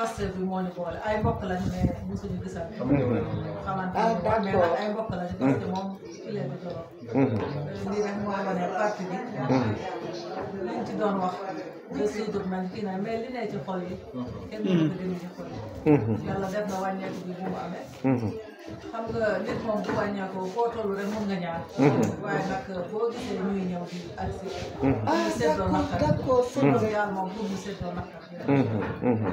Pastef bi moo ñu boole ay mbokk lañ mais mosuñu gisante. xamante ah, ne moom ay mbokk lañ parce que moom fii leen di tolloon. lii rek moo parti bi. Mm-hmm. liñ ci doon wax. de suuf nañ kii na ne ci kenn du ko dindi ci xol yi. Mm-hmm. yàlla def na wàññeeku bi xam nga nit moom bu wàññeekoo foo toll rek mun nga ñaar. waaye nag boo gisee ñuy ñëw di ak si. ah d' accord d' accord moom pour mu seetloo naqar.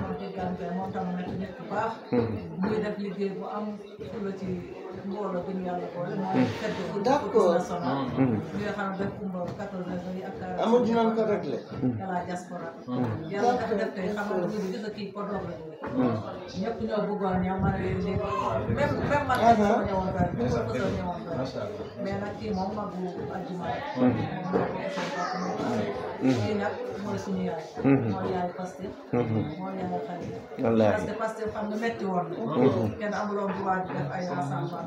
moom dégg naa moom tam nekk nit ku baax. muy def liggéey bu am fula ci. mbooloo bi ñu yàlla boole. mooy d'accord ñi nga xam ne bépp mbooloo 14 ans yi ak. amatuñu naan ko réglé. yàlla diaspora. yàlla dafa def tey xam nga ñu gis nga kii ko doog la. ñëpp ñoo bëggoon ña mën a leen dégg. même même man mii sama ñëwoon bëri. ñu ko bëgg a ñëwoon bëri. mais nag kii moom mag bu aljuma moom moo ko essayé ba ko moom. kii nag mooy suñu yaay. mooy yaay Pastef. mooy yaay xarit. wallaahi parce que Pastef xam nga métti woon na. Mm-hmm. kenn amuloon droit di def ay rassemblement.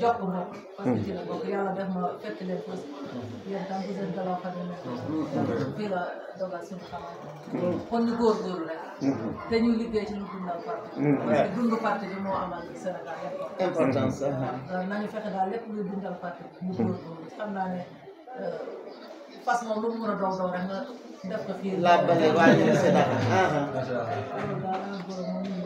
jox ko bokk. Hmm. parce que ci la bokk yàlla def ma fekk leen fas yéen tam bu seen daloo fa demee donc hmm. fii la dogal suñu xamante hmm. kon ñu góorgóorlu rek te ñu liggéey ci lu dundal parti parce que dund parti bi moo amal Sénégal yëpp importance uh-huh. euh, nañu fexe daal lépp luy dundal parti bi ñu góorgóorlu xam naa ne euh, fas moom lu mu mën a doon doon rek nga def ko fii laaj bale waa ñu Sénégal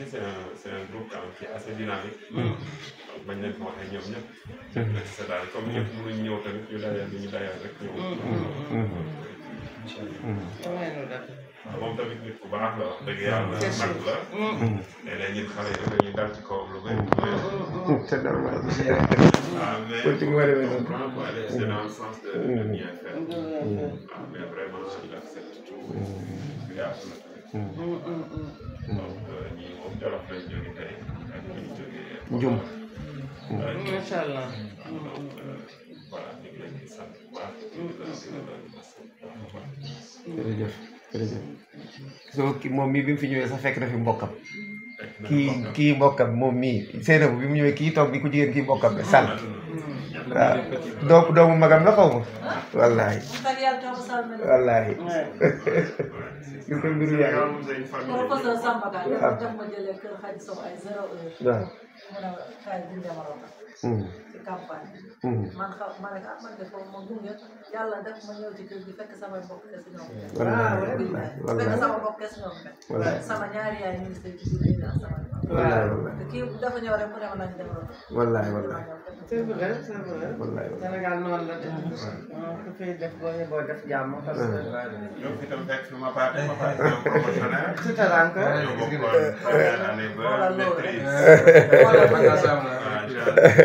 aussi c'est un c'est un groupe quand même qui est assez dynamique. donc mm. bañ leen ko waxee ñoom ñëpp. Mm. c'est daal comme ñëpp mënuñ ñëw tamit ñu dajal ñu dajal rek ñëw. incha allah. waaw moom tamit nit ku baax la wax dëgg yàlla nag la. Mm. léeg-léeg ñun xale yi dañuy dal ci kawam lu bëri. te dara maa ngi si yàlla. waaw mais c'est dans le sens de de bien faire. waaw ah, mais vraiment il accepte tout. donc euh, Jolof lañ jógee tey Njum. macha allah. moom mi bi mu fi ñëwee sax fekk na fi mbokkam. kii kii mbokkam moom mii Seynabou bi mu ñëwee kii toog bi ku jigéen kii mbokkam la waaw doomu magam la xaw ma wallaahi wallaahi li koy mbiru yaay waaw ikapan man man ka man ko mo gunge yalla daf ma ñew ci kër gi fekk sama bokk kes ñoom fekk sama bokk kes ñoom sama ñaari yaay ñu sey ci biir sama ki dafa ñew rek mu dem nañ dem wallahi wallahi c'est vrai c'est vrai wallahi Sénégal non la def ku fay def bo bo def jamm parce que yow fi tam fekk ma parti ma parti professionnel tout à l'anko yow bokk ba année ba maîtrise wala ma nga sama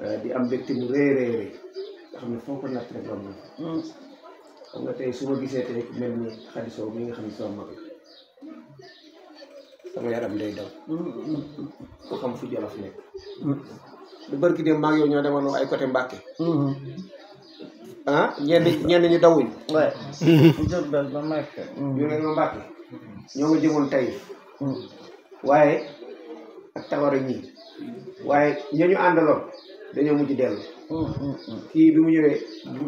Eh, di am mbégte mu rëy rëy rëy nga xam ne foo ko natt rek am nga tey su ma gisee tey ku mel ni Khady Sow mi nga xam ne sama mag sama yaram day daw mm. ku xam fu Jolof nekk mm. lu barki dem maa ngi ñoo demoon ay côté Mbàkke mm-hmm. ah ñenn ñenn ñu dawuñ mm. ñu ne ma Mbàkke ñoo nga jëmoon tey waaye ak tawara ñii waaye ñoo ñu àndaloon dañoo mujj dellu. Mm-hmm. kii bi mu ñëwee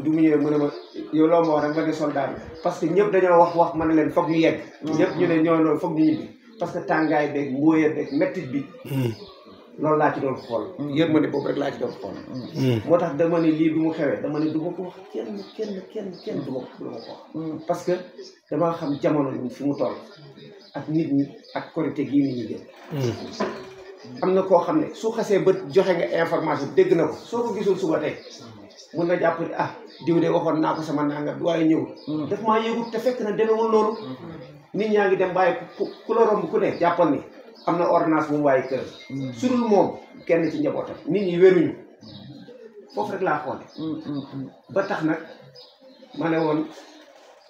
bi mu ñëwee mu ne ma yow loo ma wax rek ne soldat bi parce que ñëpp dañoo wax wax ma ne leen foog ñu yegg. Mm-hmm. ñu ne ñoo loolu foog ñu ñibbi parce que tàngaay beeg mbóoya beeg mettit bi. Mm-hmm. loolu laa ci doon xool. yërmande boobu rek laa ci doon xool. moo tax dama ne lii bi mu xewee dama ne du ma ko wax kenn kenn kenn kenn du ma ko wax. parce que damaa xam jamono bi fi mu toll ak nit ñi ak korite gii ni ñu am na koo xam ne su xasee ba joxe nga information dégg na ko soo ko gisul suba de mun na jàpp ne ah diw de waxoon naa ko sama nangam bi waaye ñëwul. Mm. daf maa yëgut te fekk na demeewul loolu. Mm. nit ñaa ngi dem bàyyi ku ku la romb ku ne jàppal ni am na ordonnance bu mu bàyyi kër mm. su dul moom kenn ci njabootam nit ñi wéruñu foofu rek laa xoole ba tax nag ma ne woon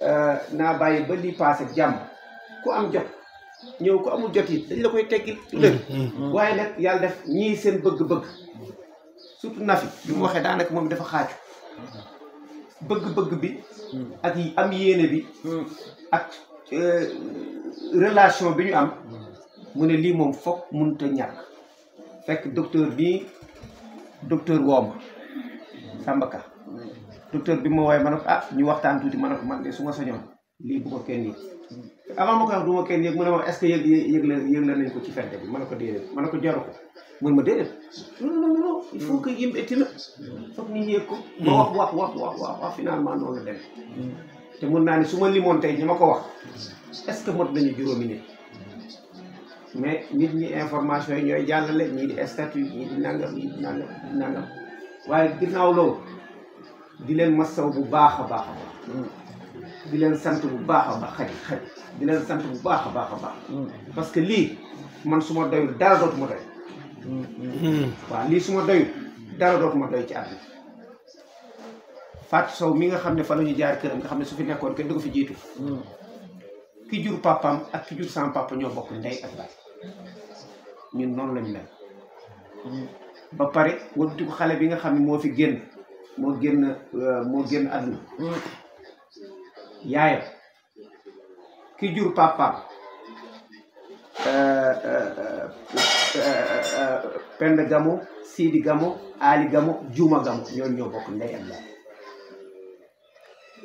euh, naa bàyyi ba lii paase jàmm ku am jot. ñëw ko amul jot yi dañ la koy teggil lër mm, mm, mm. waaye nag yàlla def ñii seen bëgg-bëgg surtout Nafi bi mu waxee daanaka moom dafa xaaju bëgg-bëgg bi ak am yéene bi ak euh, relation bi ñu am mu ne lii moom foog mënut a ñàkk fekk docteur bi docteur wooma Sambaka docteur bi ma wooye man a ko ah ñu waxtaan tuuti ma a ko man de su ma sañoon lii bu kenn yëg avant ma koy wax du kenn yëg mu ne ma est ce que yëg yëg la nañ ko ci fente bi man ne ko déedéet ma a ko jaru ko mun ma déedéet te mun naa ne su ma limoon tey ñi ma ko wax est ce que mot nañu juróomi nit mais nit ñi information yi ñooy jàllale ñii di statut ñii di nangam ñii di nangam di nangam waaye di leen masaw bu baax baax a baax di leen sant bu baax a baax xaji xaji di sant bu baax a baax a baax mm. parce que lii man suma ma doyul dara dootuma doy mm-hmm. waaw lii suma ma doyul dara dootuma doy ci àdduna Fatou Sow mi nga xam ne fa la jaar këram nga xam ne su fi nekkoon kenn du ko fi jiitu mm. ki jur papam ak ki jur sama papa ñoo bokk ndey ak baay ñun noonu lañu mel mm. ba pare wëlbatiku xale bi nga xam ne moo fi génn moo génn euh, moo génn àdduna yaayam ki jur papaam Penda Gamo Sidi Gamo Ali Gamo Juma Gamo ñooñu ñoo bokk ndey ak baay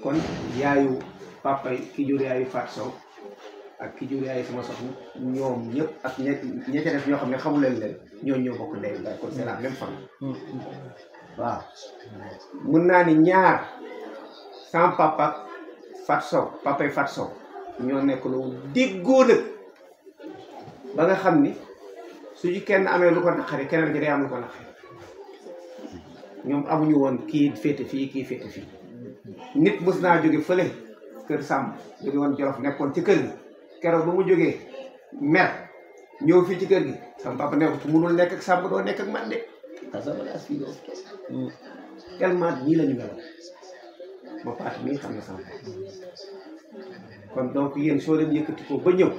kon yaayu papa ki jur yaayu Fatou ak ki jur yaayu sama soxna ñoom ñëpp ak ña ñoo xam ne xamu leen leen ñoo bokk ndey ak kon c'est la même famille hmm. waaw mun naa ni ñaar sans Fat Sow papay Fat Sow ñoo nekk lu déggoo nag ba nga xam ni su suñu kenn amee lu ko naqari keneen ki am lu ko naqari ñoom amuñu woon kii féete fii kii féete fii nit mës naa jóge fële kër sàmm jóge woon Jolof nekkoon ci kër gi keroog ba mu jógee mer ñëw fii ci kër gi sama papa nekk ci munul nekk ak sàmm doo man de. Mm. tellement ñii lañu meloon ba Fatou mii xam na sama kon donc yéen soo leen yëkkati ko ba ñëw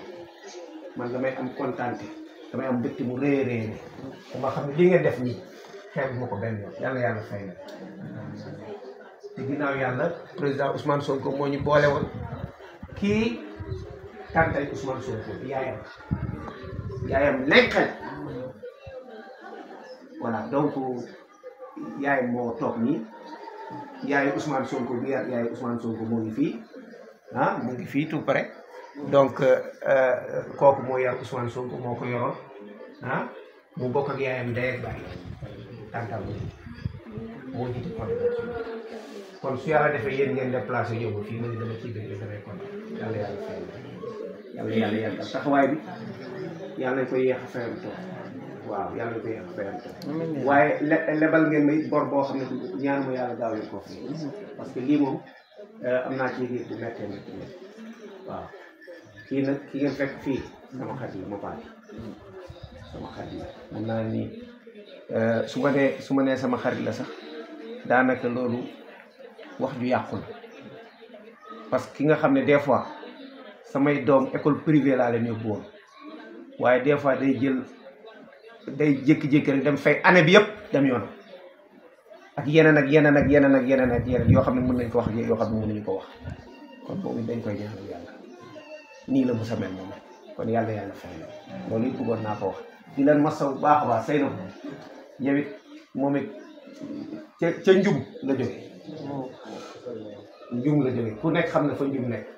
man damay am kontaante damay am bëtt mu rëy a xam ne li def nii ko benn yoon yàlla yàlla président Ousmane Sonko moo ñu boole woon kii tàntay Ousmane Sonko yaayam yaayam nekkal voilà donc yaayam moo toog nii. yaayu Ousmane Sonko bi yaayu Ousmane Sonko moo ngi fii ah mu ngi fii tout près donc euh, euh, kooku moo yar Ousmane Sonko moo ko yoroon ah mu bokk ak yaayam day ak bàyyi yàlla defee yéen ngeen déplacé yóbbu fii man taxawaay bi yàlla nañ koy yéex a fayal toog waaw yàlla na ko yàlla fayante waaye lebal ngeen ma it bor boo xam ne ñaan mu yàlla gaaw leen ko parce que lii moom euh, am naa ci yëg bu méttee métti waaw kii nag ki ngeen fekk fii sama xarit la ma paati sama xarit la mën naa ni euh, su ma nee su ma nee sama xarit la sax daanaka loolu wax ju yàqu la parce que ki nga xam ne des fois samay doom école privée laa leen yóbbu woon waaye des fois day jël day jékki-jékki rek dem fay année bi yëpp dem yoon ak yeneen ak yeneen ak yeneen ak yeneen ak yeneen yoo xam ne mën nañ koo wax ak yoo xam ne mënuñu ko wax kon boobu dañ koy ñaanal yàlla nii la mos a mel kon yàlla yàlla fay na loolu it bëggoon naa ko wax di leen masaw bu baax a baax say na ko moom it ca ca njum la jóge njum la jóge ku nekk xam ne fa njum nekk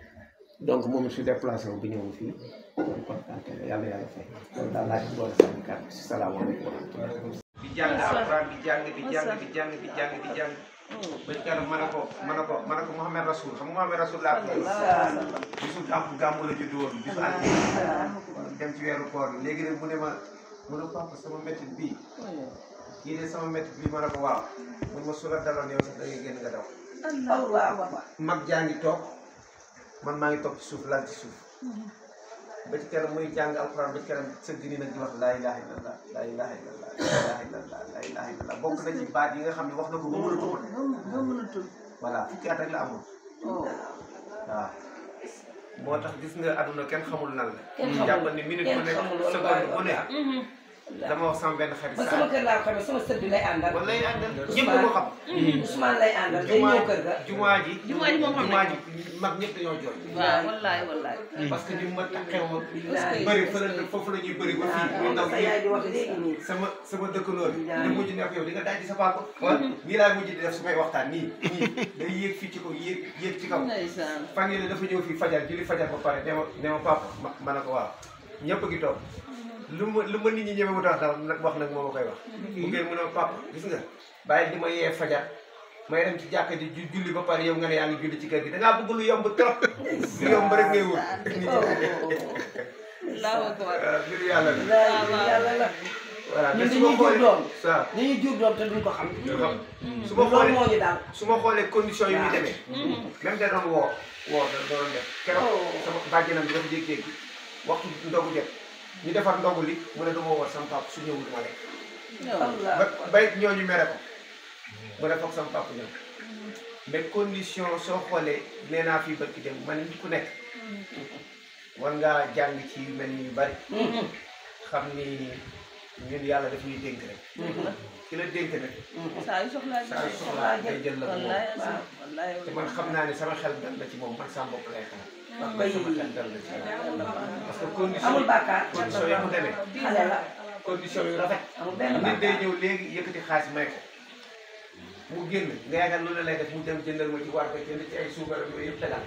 donc moom su déplacé wu bu ñëw fii kon kontaante la yàlla yàlla fay loolu daal laa ci boole sànni kàddu si salaamaaleykum wa rahmatulah. di jàng alxuraan di jàng di jàng di jàng di jàng di jàng. ba ci kanam mën a ko mën a ko mën a ko Mouhamed Rasoul xam nga Mouhamed Rasoul laa tudd. bisu gàmmu gàmmu la judd woon bisu ànd dem ci weeru koor yi léegi nag mu ne ma mu ne papa sama métti bii. kii de sama métti bii ma ne ko waaw. man ma su la daloon yow sax da ngay génn nga daw. mag jaa ngi toog. man maa ngi toog ci suuf laal ci suuf ba ci kanam muy jàng alxuraan ba ci kanam sëgg nii nag di wax laa ilaha illallah laa bokk na ci baat yi nga xam ne wax na ko ba mënatul ba mënatul voilà fukki at rek la amoon waaw moo tax gis nga àdduna kenn xamul nan la jàpp ni minute bu nekk seconde bu nekk mm-hmm. dama wax sama benn xarit. man sama kër laa ko xamee sama sët bi lay àndal. wala lay àndal ñëpp ko xam. Hmm. Ousmane lay àndal day ñëw kër ga. jumaa ji jumaa ji moom xam nañ mag ñëpp dañoo jooy. waaw wallaay wallaay. Hmm. parce que ni ma taxee woon. bëri fële foofu la ñuy bëri ba fii. waaw sa yaay di wax léegi nii. sama sama dëkkandoo bi. waaw li mujj nekk yow di nga daaj sa paako. wala hmm. nii laa mujj di def su may waxtaan nii nii day yéeg fii ci kaw yéeg yéeg ci kaw. fan yii la dafa ñëw fii fajar julli fajar ba pare ne ma ne ma papa ma ne ko waaw ñëpp gi toog lu ma lu ma nit ñi ñëwee wuta wax nag moo ma koy wax. bu ngeen a papa gis nga bàyyi di ma yee fajar may dem ci jàkka ji ju julli ba pare yow nga ne yaa ngi julli ci kër gi da ngaa lu yomb trop. lu yomb rek ngay wut. allahu akbar yàlla la. yàlla la. voilà te su ma xoolee jur doom te duñ ko xam. Mm. su ma xoolee moo ñu su ma xoolee condition yi muy demee. Mm. même da doon woor woor da doon def keroog oh. sama bàjjenam bi dafa jékki-jékki waxtu ñu defar ndogu li mu ne du ma woor sama papa su ñëwul ma lekk. ba bay ñooñu mere ko. mu ne foog sama papa ñëw. Mm. mais condition soo xoolee nee naa fii ci dem man nit ku nekk. Mm. war ngaa jàng ci yu mel ni yu bari. Mm. xam ni ñun yàlla daf ñuy dénk rek. ki la dénk nag. saa yu soxlaa saa yu soxlaa day jël la ko moom te man xam naa ne sama xel dal na ci moom man sama bopp lay xalaat. wax bay que condition amul bàkkaar condition yi mu la condition yu rafet amul benn bàkkaar nit day ñëw léegi yëkkati xaalis may ko mu génn nga yaakaar loolu lay def mu dem jëndal ma ci war ko jënd ci ay suukar ak yooyu yëpp tegal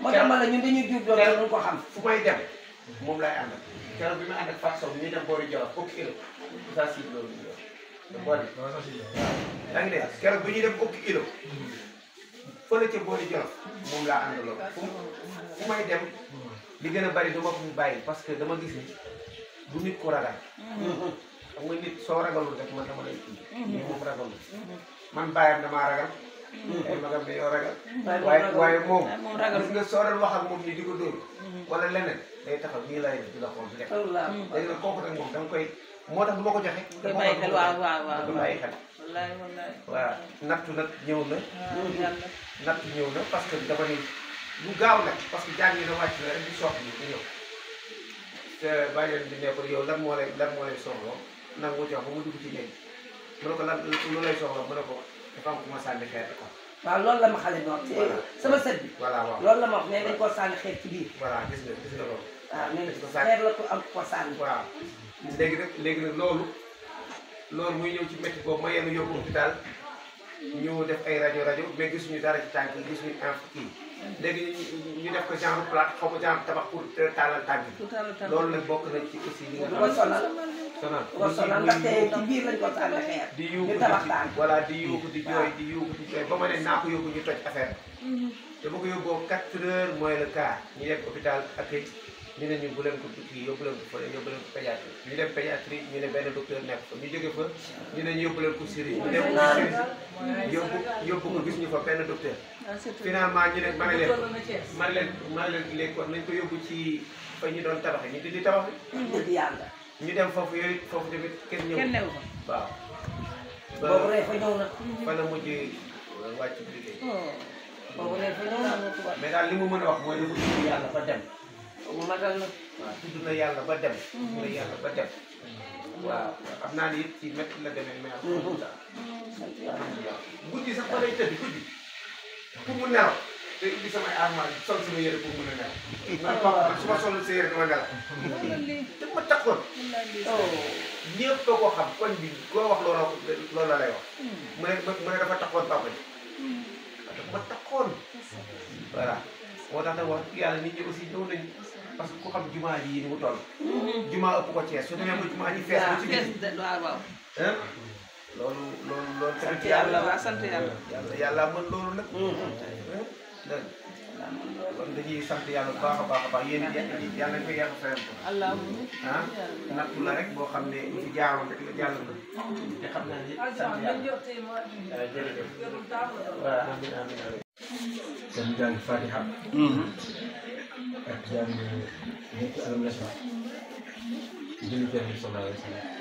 moo tax ma la ñun ko xam fu may dem moom lay àndal keroog bi ma ñu dem boori Jolof fukki ilo saa siib loolu ñu yor da boori bi ñuy dem fukki ilo fële ca boori Jolof moom laa àndaloon fu fu may dem li gën a bari dama ko bàyyi parce que dama gis ni du nit ku ragal. xam nga nit soo ragalul rek man dama lay kii. mais moom ragalul man bàyyam damaa ragal. ay magam dañoo ragal. waaye waaye moom gis nga soo doon wax ak moom nii di ko dóor. wala leneen day taxaw nii lay def di la xool di lekk. day na kooku nag moom da nga koy. moo tax du ma ko joxe. du ma ko joxe waaw waaw waaw. du waaw nattu nag ñëw na. Ah, nattu ñëw na parce que dama ni lu gaaw nag parce que jàngi na wàcc na rek di jox ba mu dugg ci ñëw mu ne ko lan lu lay soxla mu ne ko dafa am ku waaw loolu la ma xale noor. voilà sama sët bi. voilà waaw loolu la ma wax ne dañu koo sànni xeer ci biir. voilà gis nga gis nga loolu. waaw ah, mais xeer la ko am ko sànni. waaw. léegi nag léegi nag loolu loolu muy ñëw ci métti boobu ma yenn yóbbu hôpital ñu def ay rajo rajo mais gisuñu dara ci tànk yi gisuñu inf léegi ñu def ko genre plate xaw ma genre tabax pour taalal tànk loolu nag bokk nañ ci aussi li nga xam ne ko sonal di yuuxu voilà di di jooy di yuuxu di jooy ba ma ne naa ko yóbbu ñu toj affaire mhm. te bu ko yóbboo 4 heures mooy le quart ñu def hôpital ak ñu ne ñu bu leen ko kii yóbbu leen ko fële yóbbu leen ko pédiatrie ñu dem pédiatrie ñu ne benn docteur nekk fa ñu jóge fa ñu ne ñu yóbbu leen ko ñu dem ñu fa benn docteur ne ma ne leen ma ne leen ma ne nañ ko yóbbu ci fa ñu doon tabaxe ñu dindi tabax bi ñu dem foofu yooyu foofu tamit kenn ñëw waaw boobu rek fa ñëw na fa la mujj wàcc liggéey boobu mais daal li mu mën a wax mooy lu mu yàlla fa dem matal na waaw tudd na yàlla ba dem tudd na yàlla ba dem waaw xam naa ne it ci métti la demee mais alhamdulilah alhamdulilah mm-hmm. guddi sax ba lay tëdd guddi pour mu nelaw te indi samay armoire sol sama yére pour mën a mm-hmm. su ma solul sa yére dama nelaw te ma takkoon ñëpp doo ko bi koo wax loolu loolu la lay wax mm-hmm. mu ne mu ne dafa takkoon papa ji dafa takkoon voilà moo tax nag wax yàlla nit ñi aussi ñëw nañu parce que ku xam yi ni mu toll. jumaa ëpp ko Thiès su demee ba jumaa ji fees. waaw fees waaw waaw. loolu loolu loolu. sant yàlla waaw sant yàlla. yàlla yàlla mën loolu nag. dëgg kon dañuy sant yàlla bu baax baax baax yéen it yàlla ñu koy yàq fayam ko. ah nattu la rek boo xam ñu fi jaaroon rek la jàll na. te xam naa ne sant yàlla jërëjëf. waaw amiin amiin. kon jàng Fatiha. Mhm jam ini itu 16 Pak. Jadi